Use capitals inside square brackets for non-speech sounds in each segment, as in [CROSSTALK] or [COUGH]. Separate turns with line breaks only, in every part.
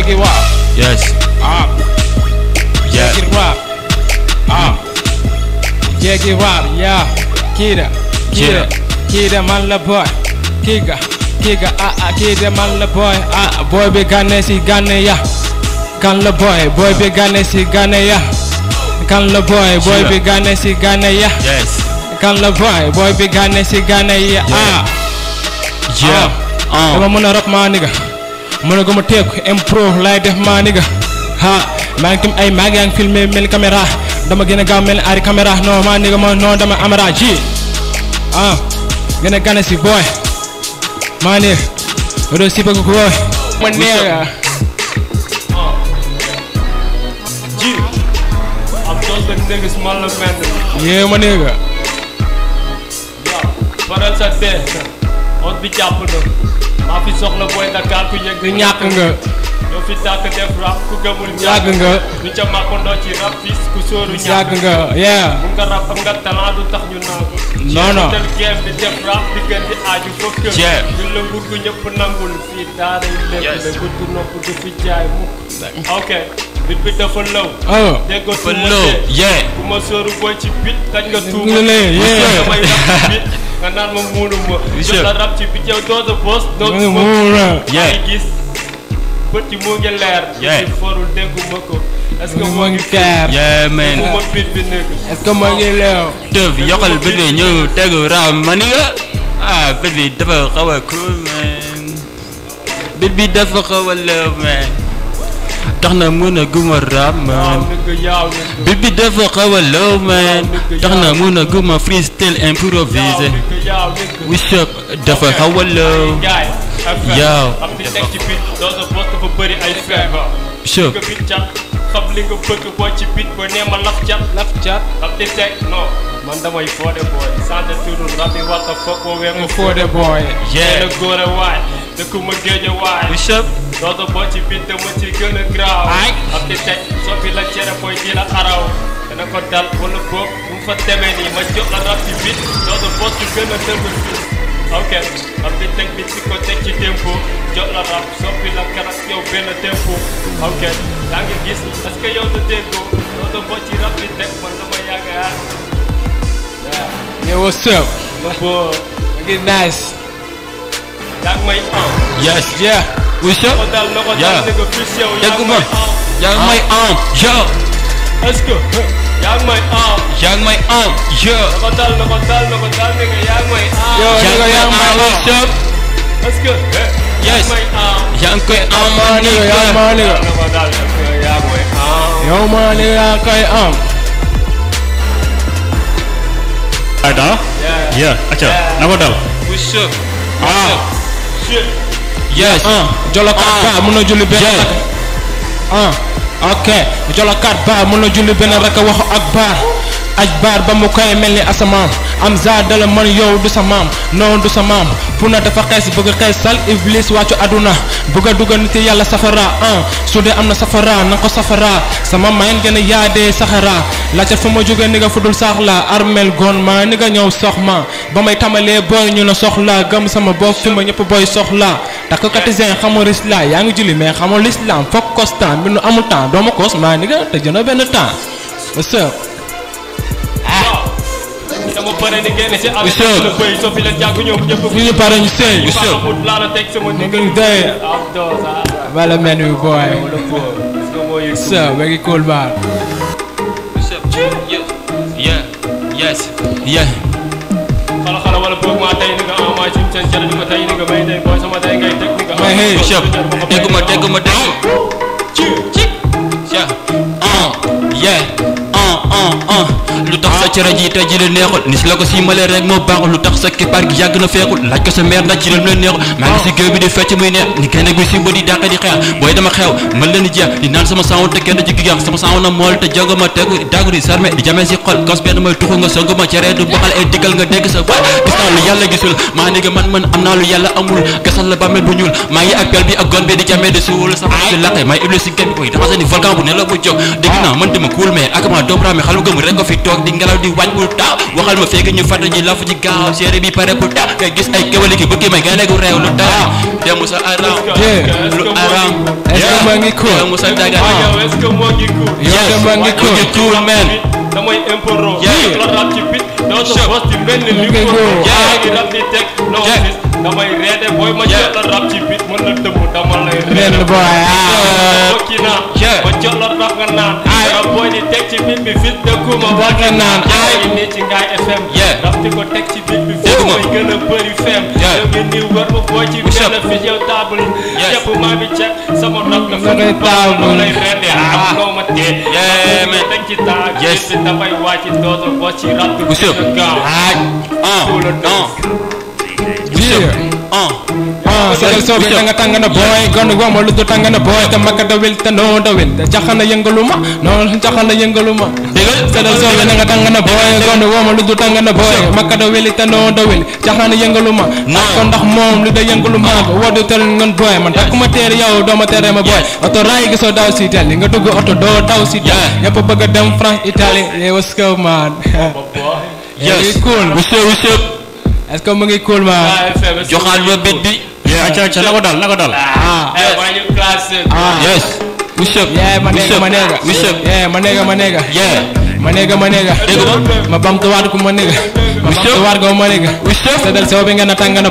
Shake it up. Yes. Up. Yeah. Shake it up. Up. Shake it up. Yeah. Kida. Kida. Kida man la boy. Kiga. Kiga. Ah ah. Kida man la boy. Ah, ah boy be gane si gane ya. Kan la boy. Boy be gane si gane ya. Kan la boy. Boy be gane si gane ya. Yes. Kan la boy. Boy be gane si gane ya. Ah. Yeah. Ah. Um. Ema muna rap ma nigga mu ne ko ma teeku impro laay def maa ni ha ah maa ngi ay maa ngi filmé mel caméra dama gën ga gaaw mel ari caméra No maa ni ga ma non dama amara ji ah gën a gane si booy maa ni doo sipa ko booy ma neega ji am just been service man la mel yeah ma neega yeah but that's a day on bi jàpp na maa fi soxla booy Dakar ku yëg ñàkk nga ñoo fi dàkk def rap ku gëmul yàgg nga ñu ca màkkandoo ci rap fis ku sóoru yàgg nga yeah mu nga rap am nga talent tax ñu naan ko non ñu la nguur gu la gudd nopp du fi jaay mukk bit bi dafa law oh. dégg nga tuuma yee ku ma sóoru booy ci bit kañ nga tuuma damay rap bit nga naan ma muudu ma. jox la rab ci bi yow boos. doo ngi gis. bët yi ngi leer. yaa ngi forul déggu ma ko. est-ce que moo ngi leer. ma bit bi nekk. est-ce que moo ngi leer. tëf yokkal bët bi ñëw tegu ma ni ah, bi dafa xaw a cool man. bi dafa xaw a leer tax na mën a guma rap man bit bi dafa xaw a low man tax na mën a guma freestyle improvisé wishop dafa xaw a low yow shop xam li nga bëgg boo ci bit boo nee ma laf cat laf cat xam di teg non what the fuck woowee ma foode booy yee la góor a waay dëkkuma géejawaay Bishop dootu boo ci bitte mu ci gën a graaw ay am di teg soppi la cere booy ji la araw dana ko dal wala boob bu mu fa demee nii ma jox la rab ci bit dootu boo ci gën a dëgër fi ok am di teg bi ci ko teg ci tempo jox la rab soppi la karak yow benn tempo ok yaa ngi gis est-ce que yow du déggoo dootu boo ci rab di teg man dama yàgg ah yeah what's up No boy looking nice Yak my arm. Yes, yeah. What's up? Yeah. Young my arm. Uh. young my arm. Um, yo. Let's go. Young my arm. Uh. young my arm. Um, yo. Nakotal, nakotal, nakotal, nigga. Yak my arm. Uh. Yo, nigga, yak my arm. What's up? Let's go. Yes. Young my arm, nigga. Yak my nigga. Young my arm. young my nigga, yak my arm. Ada? Yeah. Yeah. Acha. Nakotal. What's up? Ah. yes uh. jolokaat uh. ba mën uh. na julli benn rakk ok jolokaat ba mën na julli benn rakk waxu akbar aj baar ba mu koy mel ni asamaan am za dala man yow du sa maam noonu du sa maam pour na dafa xees bëgg a xees sal iblis wàccu aduna bëgg a dugal nit yàlla safara ah su dee am na safara na ko safara sama mayen gën a yaadee saxara laajal fu ma jógee ni nga fudul saax la armel gon ma ni nga ñëw sox ma ba may tamalee booy ñu na soxla gëm sama bopp fi ma ñëpp booy soxla takk katisin xamul islam yaa ngi julli mais xamul islam foog constant mbir nu amul temps doo ma koos maa ni benn temps dama pare ni génn ci avec le bëy soo fi menu boy so very cool man yeah yes yeah xala xala wala boog maa tey ni nga am maa ci yeah uh yeah uh uh uh lu tax sa cere ji tey ji la neexul ni si la ko siimalee rek moo baaxul lu tax sa keppaar gi yàgg na feexul laaj ko sa meer ndax ci la la neexul maa ngi la bàmmeel bu ñuul maa ngi ak pel bi ak gon bi di jamee di suul sama si laqe may iblis si gami koy dama seen volcan bu ne la bu jóg naa man dama kuul mais ak ma doom raame xalu rek ko fi toog toog di ngelaw di wàññul taaw waxal ma fekk ñu fàtte ji lafu ci gaaw séeré bi pare bu taw nga gis ay kéwale ki bëgg may gane gu réew lu taw dem sa aram lu aram est-ce que sa daga est-ce sa boss ci damay reede booy ma jëloon rab ci bit mën na dëmm dama lay. reede booy ah bokki naa. ma jëloon rab nga naan. ay rab booy di teg ci bit bi fit dëkku ma. bokk naan ay ni ci Ngaye FM. ci bit bi. dëgg ma gën a bëri fem. yow mi nii war ma boo ci. Yeah. Uh. Uh, sada sobe tanga tanga na boy gonna wa mo na boy ta makata wil ta no da wil ta jaxana yengaluma no jaxana yengaluma digal sada sobe nanga tanga na boy gonna wa mo na boy makata no da wil jaxana yengaluma na ko ndax mom lu da yengaluma wadu tel ngon boy man takuma tere yow do ma boy auto ray gi so daw si auto do daw si tel france italie what's [LAUGHS] oh, cool what's up what's up est-ce que mu cool ma. joxaat ma bët bi. acca acca na dal na dal. ah yes. Bishop Bishop Bishop. ma nega ma nega. ma nega ma nega. dégg nga ma bamtuwaat ko ma nega. ma bamtuwaat ko ma nega. sedal soo bi nga na tàng gonu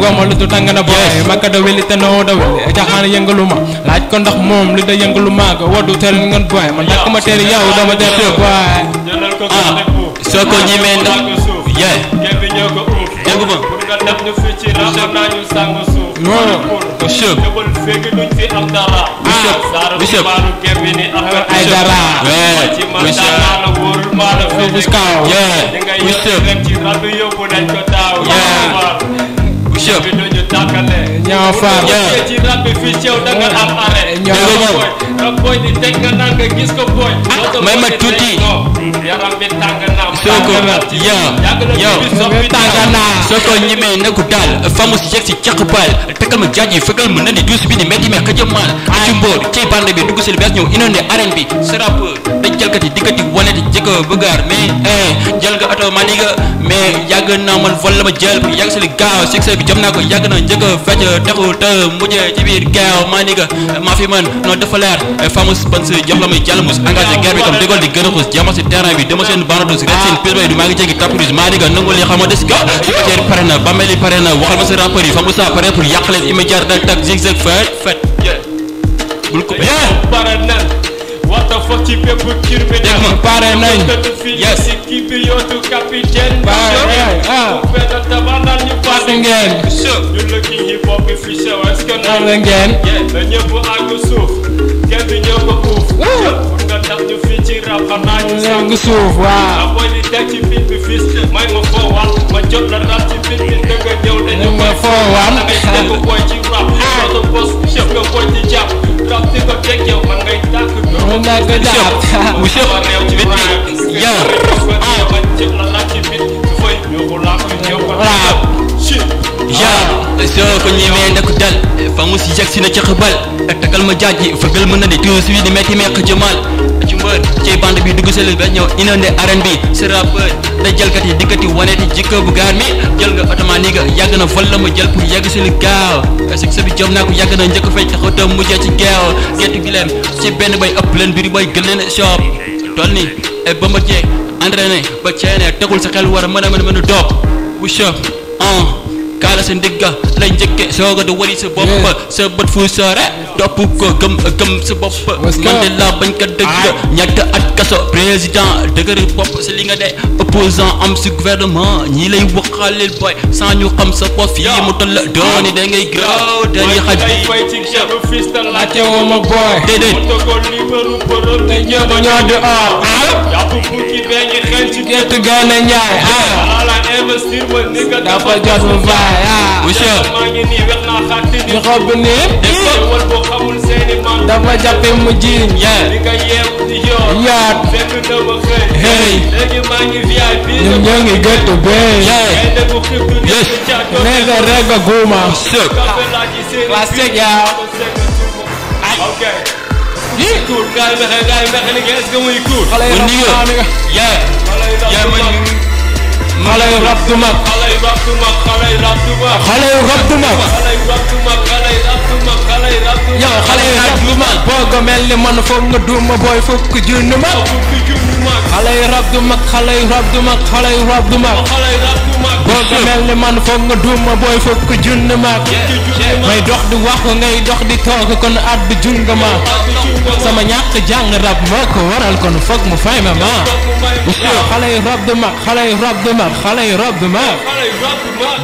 goo ma lutu tàng na booy. weli te noo weli. jaxaan yëngalu laaj ko ndax moom li da yëngalu ko woddu teel ngeen booy. man dakk ma teel yow dama teel booy. ah soo ko ñimee ndax. dégg nga. bu nga dem ñu fii ci rajo nañu sàng suuf. non non monsieur. jëbal fekk duñ fi am dara. monsieur ah, monsieur. saaru gembi ni affaire ay dara. ci man dara la wóorul maa la fi nekk. di nga yëg rek ci rajo yóbbu nañ ko taaw. monsieur. bi duñu tàkkale. ñaaw faar. ci rajo fii ci yow da nga am arrêt. ñaaw booy di teg nga naan nga gis ko booy. Ah, may ma tuuti. yaram bi tàng na soo ko yow yow soo ko ñemee nagu daal famu si yegg si baal takkal ma jaaj yi fekkal ma nandi duus bi ni metti me xëjëm maal aci mboor ci bi dugg si lu bees ñëw inondé arène bi sa jalgati dikkati waneti jëkka bëggaar mais eh, jël nga oto ma ni yàgg na man vol la ma jël bi yàgg sali gaaw succès bi jëm naa ko yàgg na njëkka fecc taxul te mujjee ci biir gaaw ma ni nga maa fi mën noonu dafa leer eh, famous ban si jox la muy jàllamus engagé guerre bi comme dégool di gën a xuus jama si terrain bi dama seen banatus ret seen pis bay du maa ngi jéegi taprise maa ni nga nangu li xama des ga ipatèer pare na ba pare na waxal ma sa rappeur yi famous pare pour yàq leen immédiat dak tak zigzag fet fet bul coupé What the fuck you people kill me down? Yeah, pare nañ. Yes. Équipe bi to capitaine. Pare ah. Ku fête tabanan ñu
passé ngeen.
Ñu You ki hip hop bi fi show est-ce que non la ngeen. Yeah, la ñëpp àgg suuf. Kenn du ñëw ko uuf. Pour nga tax ñu fii ci rap xanaa ñu sang suuf waaw. La boy di teg ci fit bi fis. May ma foowal. Ma jot not rap ci fit bi nga ñëw dañu ma foowal. Ngay teg ko boy ci rap. Sa boss chef nga boy ci jàpp. toog si ko teg yow man ngay tàkk. mën naa ko daal monsieur ma réew ci biir yow. ah man ci la laaj ci biir su fay yóbbu laa koy ñëw. waaw si. yow soo ko ñëwee nag dal fa mu si jag si na ca xabal takkal ma jaaj ji fëgal ma na di tuuti suy di metti meq jëmaal. ci bande bi dugg sel ba ñew inonde R&B ci rap da jël kat yi dikati wané ti jikko bu gaar mi jël nga automane nga yag na fol la ma jël pour yag sel gaaw parce que sa bi jom na ko yag na ñëk fay ci xotam mu ci gaaw getu gilem ci benn bay ëpp leen biri bay gëlen shop tolni e eh, bamba je entraîné ba céné tegul sa xel wara mëna mëna mëna dop push up ah, kala sen digga lay jëkke soga du wari sa bop sa beut fu sore topp ko gem sebab sa bopp man bañ ka dëgg ñett at kaso président li nga opposant am si gouvernement ñi lay boy sans ñu xam sa pof yi mu toll dooni da ngay graw dañuy xaj déedéet tey ñoo ñoo di or yàpp bukki beñu xel ci gerte ñaay ah investir ma nigga dafa jot mu baay ah monsieur ma ngi ni wax na di xob ni ko dama jappé mu jiñ ya nga yéw di yo ya fekk na ma xey hey légui ma ngi vip ñu ñangi gëttu bé ya yes néga rega guma sek classic ya okay ni cool gaay ma gaay ma xeli gess ga muy cool ni ya ya ma xalay rab du mak xalay rab du mak xalay rab du mak xalay rab du mak xale yi boo ko mel ni man foog nga duuma ma fukki junni mag xale yi rab du mag xale yi du mag xale yi ko mel ni man nga duuma booy fukki junni mag may dox di wax ngay dox di toog kon at bi junni ma ñàkk jàng rab waral kon foog mu fay ma ma xale rab du mag rab du mag rab du mag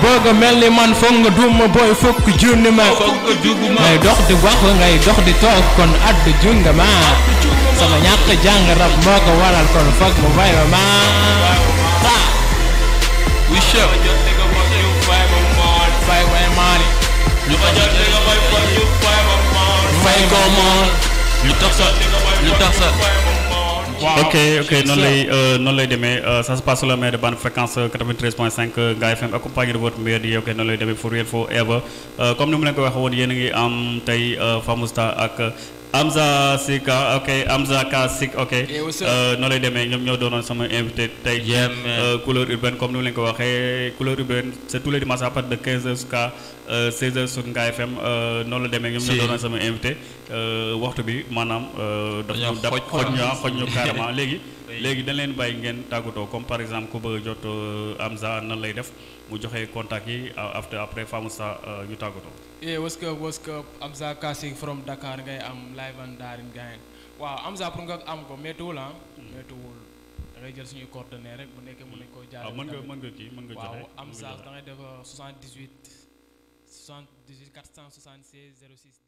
bëgg mel man foog nga duma booy fukk junni ma ngay dox di wax ngay dox di kon at du ma sama jàng rab waral kon foog mu fay ma ma Fight my money. You lu tax sa lu tax sa waaw ok ok noonu lay euh, noonu lay demee euh, ça se passe sur la mer de bande fréquence 93.5 euh, Ngaye FM accompagné de votre meilleur DJ ok noonu lay demee for real forever comme ni mu leen ko waxee woon yéen ngi am tey Famousta ak. Amza Sika ok Amza K Sik ok euh, noo lay demee ñoom ñoo doonoon sama invité tey euh, euh, couleur urbaine comme ni mu ko waxee couleur urbaine c'est tous les dimanches à partir de 15h jusqu'à 16h sur Ngaye FM noonu la demee ñoom ñoo doonoon sama invité waxtu bi maanaam daf ñu dab xoj ñu xoj [LAUGHS] léegi léegi dañ leen bàyyi ngeen tàggatoo comme par exemple ku bëgg jot eh, Amza nan lay def mu joxe contact yi after après Famoussa eh, ñu tàggatoo. Eh, what's up, Amza Kassi from Dakar ngay am live and daarin gain. Waaw Amza pour nga am ko méttiwul ah. Méttiwul. Hmm. ngay jël suñuy coordonnées rek bu nekkee nañ ah, nga nga nga joxe. Waaw Amza da ngay def 78 78 476 06